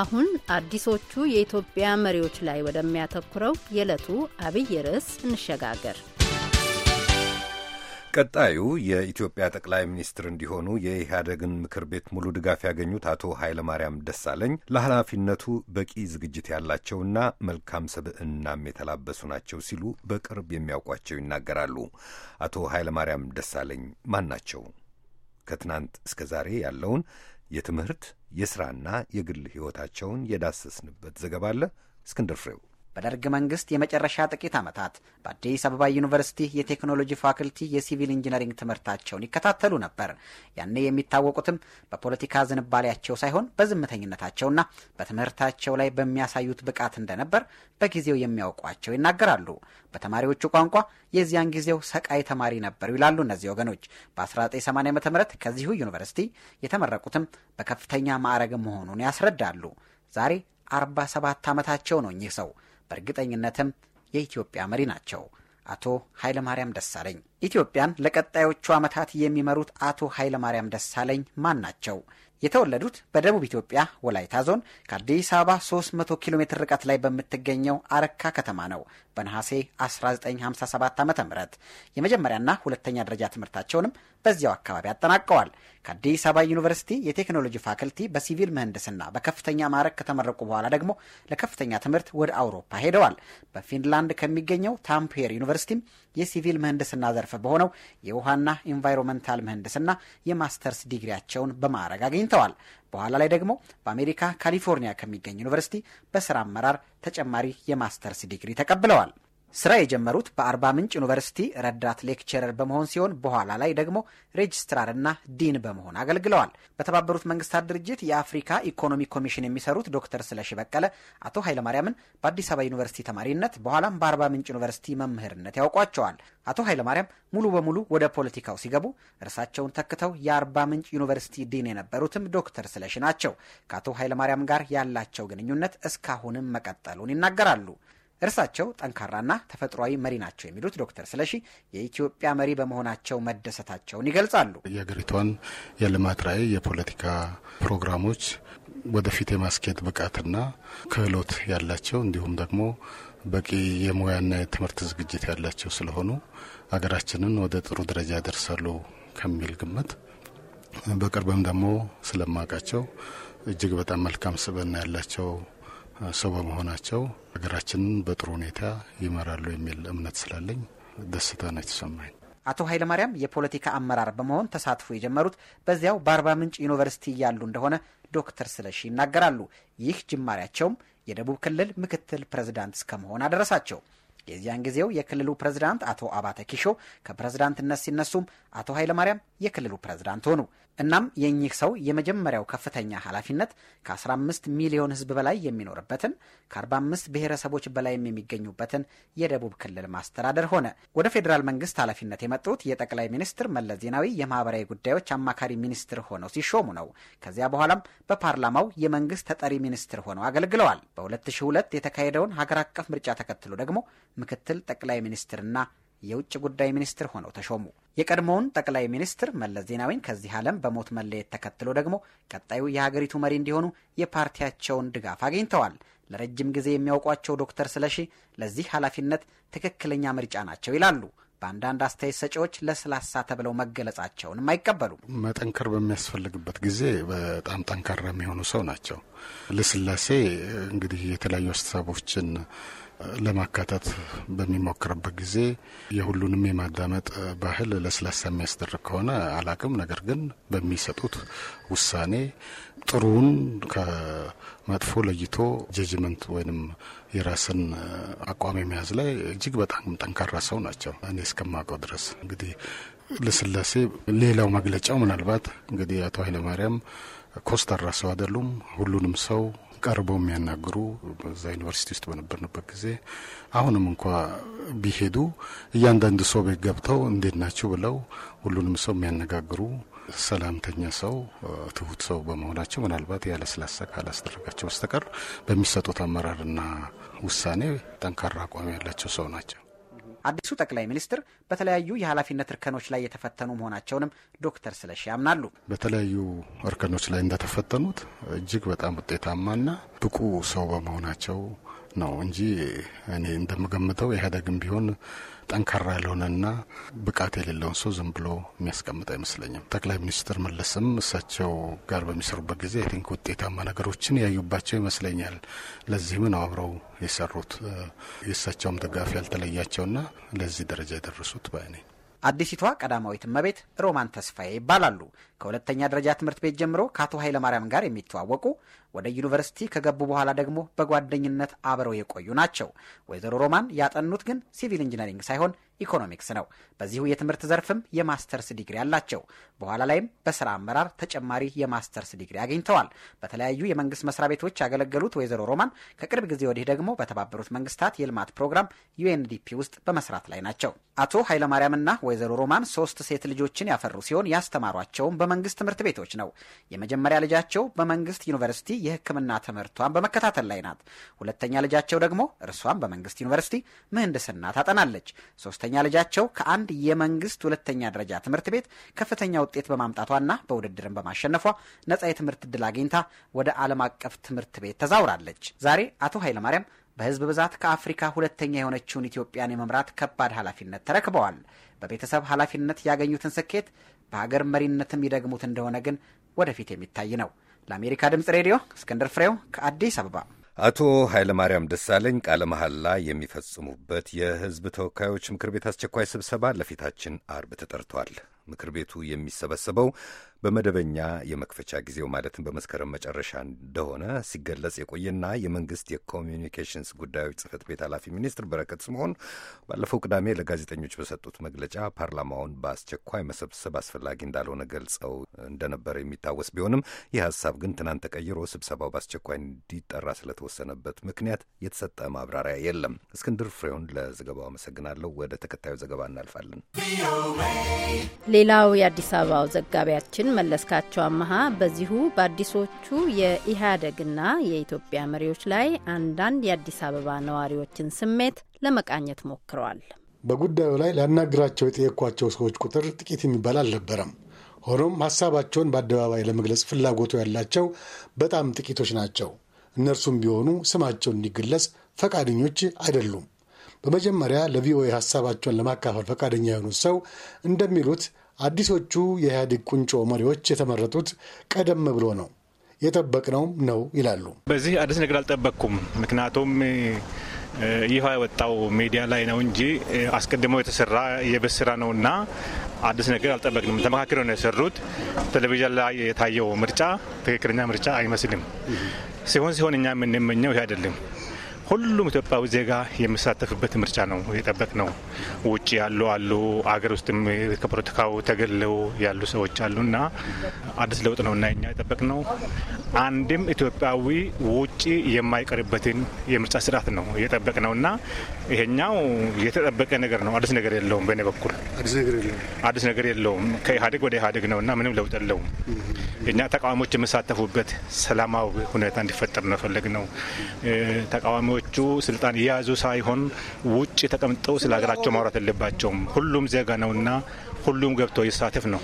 አሁን አዲሶቹ የኢትዮጵያ መሪዎች ላይ ወደሚያተኩረው የዕለቱ አብይ ርዕስ እንሸጋገር። ቀጣዩ የኢትዮጵያ ጠቅላይ ሚኒስትር እንዲሆኑ የኢህአደግን ምክር ቤት ሙሉ ድጋፍ ያገኙት አቶ ኃይለማርያም ደሳለኝ ለኃላፊነቱ በቂ ዝግጅት ያላቸውና መልካም ስብዕናም የተላበሱ ናቸው ሲሉ በቅርብ የሚያውቋቸው ይናገራሉ። አቶ ኃይለማርያም ደሳለኝ ማን ናቸው? ከትናንት እስከ ዛሬ ያለውን የትምህርት የሥራና የግል ሕይወታቸውን የዳሰስንበት ዘገባ አለ። እስክንድር ፍሬው በደርግ መንግስት የመጨረሻ ጥቂት ዓመታት በአዲስ አበባ ዩኒቨርሲቲ የቴክኖሎጂ ፋክልቲ የሲቪል ኢንጂነሪንግ ትምህርታቸውን ይከታተሉ ነበር። ያኔ የሚታወቁትም በፖለቲካ ዝንባሌያቸው ሳይሆን በዝምተኝነታቸውና በትምህርታቸው ላይ በሚያሳዩት ብቃት እንደነበር በጊዜው የሚያውቋቸው ይናገራሉ። በተማሪዎቹ ቋንቋ የዚያን ጊዜው ሰቃይ ተማሪ ነበሩ ይላሉ እነዚህ ወገኖች። በ1980 ዓ ም ከዚሁ ዩኒቨርሲቲ የተመረቁትም በከፍተኛ ማዕረግ መሆኑን ያስረዳሉ። ዛሬ 47 ዓመታቸው ነው እኚህ ሰው በእርግጠኝነትም የኢትዮጵያ መሪ ናቸው። አቶ ኃይለማርያም ደሳለኝ። ኢትዮጵያን ለቀጣዮቹ ዓመታት የሚመሩት አቶ ኃይለማርያም ደሳለኝ ማን ናቸው? የተወለዱት በደቡብ ኢትዮጵያ ወላይታ ዞን ከአዲስ አበባ 300 ኪሎ ሜትር ርቀት ላይ በምትገኘው አረካ ከተማ ነው። በነሐሴ 1957 ዓ ም የመጀመሪያና ሁለተኛ ደረጃ ትምህርታቸውንም በዚያው አካባቢ አጠናቀዋል። ከአዲስ አበባ ዩኒቨርሲቲ የቴክኖሎጂ ፋክልቲ በሲቪል ምህንድስና በከፍተኛ ማዕረግ ከተመረቁ በኋላ ደግሞ ለከፍተኛ ትምህርት ወደ አውሮፓ ሄደዋል። በፊንላንድ ከሚገኘው ታምፔር ዩኒቨርሲቲም የሲቪል ምህንድስና ዘርፍ በሆነው የውሃና ኢንቫይሮንመንታል ምህንድስና የማስተርስ ዲግሪያቸውን በማዕረግ አግኝተዋል። በኋላ ላይ ደግሞ በአሜሪካ ካሊፎርኒያ ከሚገኝ ዩኒቨርሲቲ በስራ አመራር ተጨማሪ የማስተርስ ዲግሪ ተቀብለዋል። ስራ የጀመሩት በአርባ ምንጭ ዩኒቨርሲቲ ረዳት ሌክቸረር በመሆን ሲሆን በኋላ ላይ ደግሞ ሬጅስትራርና ዲን በመሆን አገልግለዋል። በተባበሩት መንግስታት ድርጅት የአፍሪካ ኢኮኖሚ ኮሚሽን የሚሰሩት ዶክተር ስለሺ በቀለ አቶ ኃይለማርያምን በአዲስ አበባ ዩኒቨርሲቲ ተማሪነት በኋላም በአርባ ምንጭ ዩኒቨርሲቲ መምህርነት ያውቋቸዋል። አቶ ኃይለማርያም ሙሉ በሙሉ ወደ ፖለቲካው ሲገቡ እርሳቸውን ተክተው የአርባ ምንጭ ዩኒቨርሲቲ ዲን የነበሩትም ዶክተር ስለሺ ናቸው። ከአቶ ኃይለማርያም ጋር ያላቸው ግንኙነት እስካሁንም መቀጠሉን ይናገራሉ። እርሳቸው ጠንካራና ተፈጥሯዊ መሪ ናቸው የሚሉት ዶክተር ስለሺ የኢትዮጵያ መሪ በመሆናቸው መደሰታቸውን ይገልጻሉ። የሀገሪቷን የልማት ራዕይ የፖለቲካ ፕሮግራሞች ወደፊት የማስኬድ ብቃትና ክህሎት ያላቸው እንዲሁም ደግሞ በቂ የሙያና የትምህርት ዝግጅት ያላቸው ስለሆኑ ሀገራችንን ወደ ጥሩ ደረጃ ያደርሳሉ ከሚል ግምት በቅርብም ደግሞ ስለማውቃቸው እጅግ በጣም መልካም ስብዕና ያላቸው ሰው በመሆናቸው ሀገራችንን በጥሩ ሁኔታ ይመራሉ የሚል እምነት ስላለኝ ደስታ ነው የተሰማኝ። አቶ ኃይለማርያም የፖለቲካ አመራር በመሆን ተሳትፎ የጀመሩት በዚያው በአርባ ምንጭ ዩኒቨርሲቲ እያሉ እንደሆነ ዶክተር ስለሺ ይናገራሉ። ይህ ጅማሬያቸውም የደቡብ ክልል ምክትል ፕሬዝዳንት እስከመሆን አደረሳቸው። የዚያን ጊዜው የክልሉ ፕሬዝዳንት አቶ አባተ ኪሾ ከፕሬዝዳንትነት ሲነሱም አቶ ኃይለማርያም የክልሉ ፕሬዝዳንት ሆኑ። እናም የእኚህ ሰው የመጀመሪያው ከፍተኛ ኃላፊነት ከ15 ሚሊዮን ሕዝብ በላይ የሚኖርበትን ከ45 ብሔረሰቦች በላይም የሚገኙበትን የደቡብ ክልል ማስተዳደር ሆነ። ወደ ፌዴራል መንግስት ኃላፊነት የመጡት የጠቅላይ ሚኒስትር መለስ ዜናዊ የማህበራዊ ጉዳዮች አማካሪ ሚኒስትር ሆነው ሲሾሙ ነው። ከዚያ በኋላም በፓርላማው የመንግስት ተጠሪ ሚኒስትር ሆነው አገልግለዋል። በ2002 የተካሄደውን ሀገር አቀፍ ምርጫ ተከትሎ ደግሞ ምክትል ጠቅላይ ሚኒስትርና የውጭ ጉዳይ ሚኒስትር ሆነው ተሾሙ። የቀድሞውን ጠቅላይ ሚኒስትር መለስ ዜናዊን ከዚህ ዓለም በሞት መለየት ተከትሎ ደግሞ ቀጣዩ የሀገሪቱ መሪ እንዲሆኑ የፓርቲያቸውን ድጋፍ አግኝተዋል። ለረጅም ጊዜ የሚያውቋቸው ዶክተር ስለሺ ለዚህ ኃላፊነት ትክክለኛ ምርጫ ናቸው ይላሉ። በአንዳንድ አስተያየት ሰጪዎች ለስላሳ ተብለው መገለጻቸውንም አይቀበሉም። መጠንከር በሚያስፈልግበት ጊዜ በጣም ጠንካራ የሚሆኑ ሰው ናቸው። ለስላሴ እንግዲህ የተለያዩ አስተሳቦችን ለማካተት በሚሞክርበት ጊዜ የሁሉንም የማዳመጥ ባህል ለስላሳ የሚያስደርግ ከሆነ አላቅም። ነገር ግን በሚሰጡት ውሳኔ ጥሩውን ከመጥፎ ለይቶ ጀጅመንት ወይም የራስን አቋም የመያዝ ላይ እጅግ በጣም ጠንካራ ሰው ናቸው። እኔ እስከማውቀው ድረስ እንግዲህ ለስላሴ ሌላው መግለጫው ምናልባት እንግዲህ አቶ ኃይለማርያም ኮስተራ ሰው አይደሉም። ሁሉንም ሰው ቀርበው የሚያናግሩ በዛ ዩኒቨርሲቲ ውስጥ በነበርንበት ጊዜ አሁንም እንኳ ቢሄዱ እያንዳንድ ሰው ቤት ገብተው እንዴት ናቸው ብለው ሁሉንም ሰው የሚያነጋግሩ ሰላምተኛ ሰው፣ ትሁት ሰው በመሆናቸው ምናልባት ያለስላሳ ካላስደረጋቸው በስተቀር በሚሰጡት አመራርና ውሳኔ ጠንካራ አቋም ያላቸው ሰው ናቸው። አዲሱ ጠቅላይ ሚኒስትር በተለያዩ የኃላፊነት እርከኖች ላይ የተፈተኑ መሆናቸውንም ዶክተር ስለሺ ያምናሉ። በተለያዩ እርከኖች ላይ እንደተፈተኑት እጅግ በጣም ውጤታማና ብቁ ሰው በመሆናቸው ነው እንጂ እኔ እንደምገምተው ኢህአዴግም ቢሆን ጠንካራ ያልሆነና ብቃት የሌለውን ሰው ዝም ብሎ የሚያስቀምጥ አይመስለኝም። ጠቅላይ ሚኒስትር መለስም እሳቸው ጋር በሚሰሩበት ጊዜ አይ ቲንክ ውጤታማ ነገሮችን ያዩባቸው ይመስለኛል። ለዚህም ነው አብረው የሰሩት የእሳቸውም ደጋፊ ያልተለያቸውና ለዚህ ደረጃ የደረሱት ባይ አዲሲቷ ቀዳማዊት እመቤት ሮማን ተስፋዬ ይባላሉ። ከሁለተኛ ደረጃ ትምህርት ቤት ጀምሮ ከአቶ ኃይለማርያም ጋር የሚተዋወቁ ወደ ዩኒቨርሲቲ ከገቡ በኋላ ደግሞ በጓደኝነት አብረው የቆዩ ናቸው። ወይዘሮ ሮማን ያጠኑት ግን ሲቪል ኢንጂነሪንግ ሳይሆን ኢኮኖሚክስ ነው። በዚሁ የትምህርት ዘርፍም የማስተርስ ዲግሪ አላቸው። በኋላ ላይም በስራ አመራር ተጨማሪ የማስተርስ ዲግሪ አግኝተዋል። በተለያዩ የመንግስት መስሪያ ቤቶች ያገለገሉት ወይዘሮ ሮማን ከቅርብ ጊዜ ወዲህ ደግሞ በተባበሩት መንግስታት የልማት ፕሮግራም ዩኤንዲፒ ውስጥ በመስራት ላይ ናቸው። አቶ ኃይለማርያምና ወይዘሮ ሮማን ሶስት ሴት ልጆችን ያፈሩ ሲሆን ያስተማሯቸውም በመንግስት ትምህርት ቤቶች ነው። የመጀመሪያ ልጃቸው በመንግስት ዩኒቨርሲቲ የሕክምና ትምህርቷን በመከታተል ላይ ናት። ሁለተኛ ልጃቸው ደግሞ እርሷን በመንግስት ዩኒቨርሲቲ ምህንድስና ታጠናለች። ሶስተኛ ልጃቸው ከአንድ የመንግስት ሁለተኛ ደረጃ ትምህርት ቤት ከፍተኛ ውጤት በማምጣቷና በውድድርን በማሸነፏ ነጻ የትምህርት እድል አግኝታ ወደ ዓለም አቀፍ ትምህርት ቤት ተዛውራለች። ዛሬ አቶ ኃይለማርያም በህዝብ ብዛት ከአፍሪካ ሁለተኛ የሆነችውን ኢትዮጵያን የመምራት ከባድ ኃላፊነት ተረክበዋል። በቤተሰብ ኃላፊነት ያገኙትን ስኬት በሀገር መሪነትም ይደግሙት እንደሆነ ግን ወደፊት የሚታይ ነው። ለአሜሪካ ድምፅ ሬዲዮ እስክንድር ፍሬው ከአዲስ አበባ። አቶ ኃይለማርያም ደሳለኝ ቃለ መሐላ የሚፈጽሙበት የሕዝብ ተወካዮች ምክር ቤት አስቸኳይ ስብሰባ ለፊታችን አርብ ተጠርቷል። ምክር ቤቱ የሚሰበሰበው በመደበኛ የመክፈቻ ጊዜው ማለትም በመስከረም መጨረሻ እንደሆነ ሲገለጽ የቆየና የመንግስት የኮሚኒኬሽንስ ጉዳዮች ጽህፈት ቤት ኃላፊ ሚኒስትር በረከት ስምዖን ባለፈው ቅዳሜ ለጋዜጠኞች በሰጡት መግለጫ ፓርላማውን በአስቸኳይ መሰብሰብ አስፈላጊ እንዳልሆነ ገልጸው እንደነበረ የሚታወስ ቢሆንም ይህ ሀሳብ ግን ትናንት ተቀይሮ ስብሰባው በአስቸኳይ እንዲጠራ ስለተወሰነበት ምክንያት የተሰጠ ማብራሪያ የለም። እስክንድር ፍሬውን ለዘገባው አመሰግናለሁ። ወደ ተከታዩ ዘገባ እናልፋለን። ሌላው የአዲስ አበባው ዘጋቢያችን መለስካቸው አመሃ በዚሁ በአዲሶቹ የኢህአዴግና የኢትዮጵያ መሪዎች ላይ አንዳንድ የአዲስ አበባ ነዋሪዎችን ስሜት ለመቃኘት ሞክረዋል። በጉዳዩ ላይ ላናግራቸው የጠየኳቸው ሰዎች ቁጥር ጥቂት የሚባል አልነበረም። ሆኖም ሀሳባቸውን በአደባባይ ለመግለጽ ፍላጎቱ ያላቸው በጣም ጥቂቶች ናቸው። እነርሱም ቢሆኑ ስማቸው እንዲገለጽ ፈቃደኞች አይደሉም። በመጀመሪያ ለቪኦኤ ሀሳባቸውን ለማካፈል ፈቃደኛ የሆኑት ሰው እንደሚሉት አዲሶቹ የኢህአዴግ ቁንጮ መሪዎች የተመረጡት ቀደም ብሎ ነው የጠበቅነውም ነው ይላሉ። በዚህ አዲስ ነገር አልጠበቅኩም። ምክንያቱም ይፋ የወጣው ሚዲያ ላይ ነው እንጂ አስቀድሞ የተሰራ የቤት ስራ ነው እና አዲስ ነገር አልጠበቅንም። ተመካክረው ነው የሰሩት። ቴሌቪዥን ላይ የታየው ምርጫ ትክክለኛ ምርጫ አይመስልም። ሲሆን ሲሆን እኛ የምንመኘው ይህ አይደለም። ሁሉም ኢትዮጵያዊ ዜጋ የሚሳተፍበት ምርጫ ነው የጠበቅ ነው። ውጭ ያሉ አሉ፣ አገር ውስጥም ከፖለቲካው ተገለው ያሉ ሰዎች አሉ እና አዲስ ለውጥ ነው እና እኛ የጠበቅ ነው አንድም ኢትዮጵያዊ ውጭ የማይቀርበትን የምርጫ ስርዓት ነው የጠበቅ ነው እና ይሄኛው የተጠበቀ ነገር ነው። አዲስ ነገር የለውም። በእኔ በኩል አዲስ ነገር የለውም። ከኢህአዴግ ወደ ኢህአዴግ ነው እና ምንም ለውጥ የለውም። እኛ ተቃዋሚዎች የሚሳተፉበት ሰላማዊ ሁኔታ እንዲፈጠር ነው ፈለግ ነው ተቃዋሚዎች ሰዎቹ ስልጣን የያዙ ሳይሆን ውጭ ተቀምጠው ስለ ሀገራቸው ማውራት የለባቸውም። ሁሉም ዜጋ ነውና ሁሉም ገብቶ ይሳተፍ ነው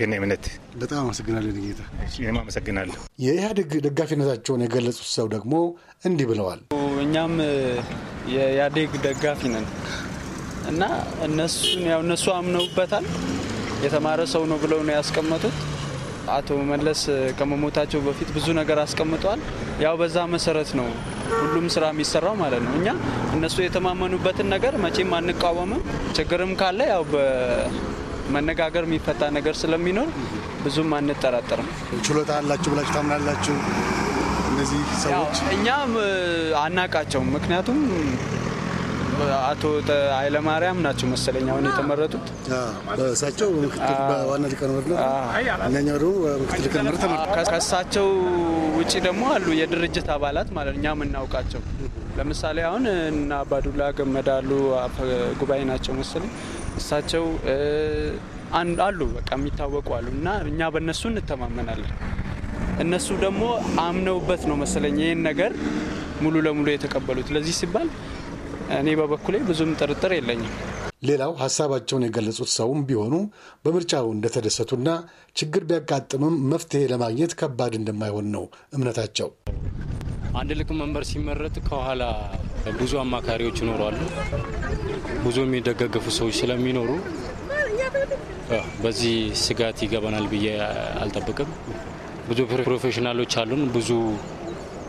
የኔ እምነት። በጣም አመሰግናለሁ ጌታ። እኔም አመሰግናለሁ። የኢህአዴግ ደጋፊነታቸውን የገለጹት ሰው ደግሞ እንዲህ ብለዋል። እኛም የኢህአዴግ ደጋፊ ነን እና እነሱን ያው እነሱ አምነውበታል። የተማረ ሰው ነው ብለው ነው ያስቀመጡት። አቶ መለስ ከመሞታቸው በፊት ብዙ ነገር አስቀምጧል። ያው በዛ መሰረት ነው ሁሉም ስራ የሚሰራው ማለት ነው። እኛ እነሱ የተማመኑበትን ነገር መቼም አንቃወምም። ችግርም ካለ ያው በመነጋገር የሚፈታ ነገር ስለሚኖር ብዙም አንጠራጠርም። ችሎታ አላችሁ ብላችሁ ታምናላችሁ? እነዚህ ሰዎች እኛም አናቃቸውም፣ ምክንያቱም አቶ ኃይለማርያም ናቸው መሰለኝ አሁን የተመረጡት። እሳቸው ምክትል ዋና ሊቀመንበር ነው። እኛኛው ደግሞ ምክትል ሊቀመንበር ከእሳቸው ውጭ ደግሞ አሉ የድርጅት አባላት ማለት እኛ የምናውቃቸው ለምሳሌ አሁን እና አባዱላ ገመዳ አሉ፣ ጉባኤ ናቸው መሰለኝ እሳቸው አሉ በቃ የሚታወቁ አሉ እና እኛ በእነሱ እንተማመናለን። እነሱ ደግሞ አምነውበት ነው መሰለኝ ይህን ነገር ሙሉ ለሙሉ የተቀበሉት ለዚህ ሲባል እኔ በበኩሌ ብዙም ጥርጥር የለኝም። ሌላው ሀሳባቸውን የገለጹት ሰውም ቢሆኑ በምርጫው እንደተደሰቱና ችግር ቢያጋጥምም መፍትሄ ለማግኘት ከባድ እንደማይሆን ነው እምነታቸው። አንድ ልክ መንበር ሲመረጥ ከኋላ ብዙ አማካሪዎች ይኖራሉ፣ ብዙ የሚደገገፉ ሰዎች ስለሚኖሩ በዚህ ስጋት ይገባናል ብዬ አልጠብቅም። ብዙ ፕሮፌሽናሎች አሉን፣ ብዙ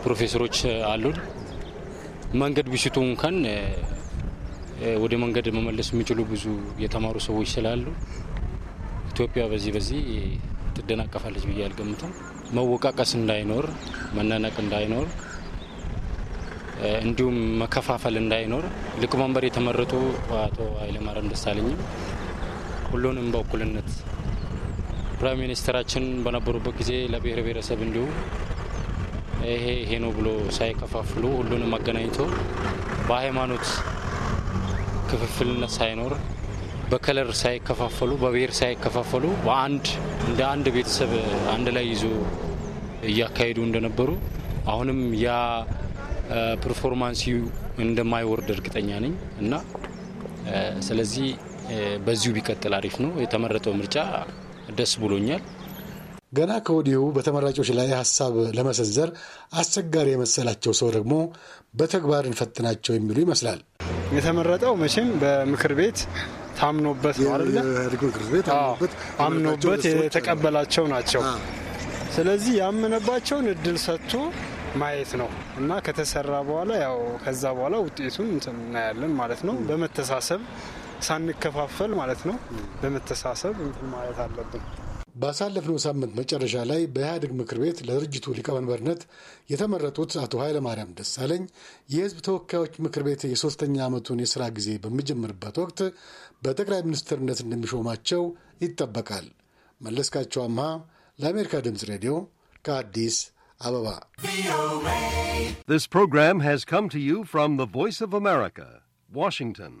ፕሮፌሰሮች አሉን። መንገድ ቢስቱ እንኳን ወደ መንገድ መመለስ የሚችሉ ብዙ የተማሩ ሰዎች ስላሉ ኢትዮጵያ በዚህ በዚህ ትደናቀፋለች ብዬ አልገምትም። መወቃቀስ እንዳይኖር፣ መናነቅ እንዳይኖር፣ እንዲሁም መከፋፈል እንዳይኖር ሊቀመንበር የተመረጡ አቶ ኃይለማርያም ደሳለኝም ሁሉንም በእኩልነት ፕራይም ሚኒስትራችን በነበሩበት ጊዜ ለብሔር ብሔረሰብ እንዲሁም ይሄ ይሄ ነው ብሎ ሳይከፋፍሉ ሁሉንም አገናኝቶ በሃይማኖት ክፍፍልነት ሳይኖር በከለር ሳይከፋፈሉ በብሔር ሳይከፋፈሉ በአንድ እንደ አንድ ቤተሰብ አንድ ላይ ይዞ እያካሄዱ እንደነበሩ አሁንም ያ ፐርፎርማንስ እንደማይወርድ እርግጠኛ ነኝ እና ስለዚህ በዚሁ ቢቀጥል አሪፍ ነው። የተመረጠው ምርጫ ደስ ብሎኛል። ገና ከወዲሁ በተመራጮች ላይ ሀሳብ ለመሰንዘር አስቸጋሪ የመሰላቸው ሰው ደግሞ በተግባር እንፈትናቸው የሚሉ ይመስላል። የተመረጠው መቼም በምክር ቤት ታምኖበት ነው አምኖበት የተቀበላቸው ናቸው። ስለዚህ ያመነባቸውን እድል ሰጥቶ ማየት ነው እና ከተሰራ በኋላ ያው ከዛ በኋላ ውጤቱን እናያለን ማለት ነው። በመተሳሰብ ሳንከፋፈል ማለት ነው። በመተሳሰብ ማለት አለብን። ባሳለፍነው ሳምንት መጨረሻ ላይ በኢህአዴግ ምክር ቤት ለድርጅቱ ሊቀመንበርነት የተመረጡት አቶ ኃይለማርያም ደሳለኝ የህዝብ ተወካዮች ምክር ቤት የሶስተኛ ዓመቱን የሥራ ጊዜ በሚጀምርበት ወቅት በጠቅላይ ሚኒስትርነት እንደሚሾማቸው ይጠበቃል። መለስካቸው አምሃ ለአሜሪካ ድምፅ ሬዲዮ ከአዲስ አበባ። This program has come to you from the Voice of America, Washington.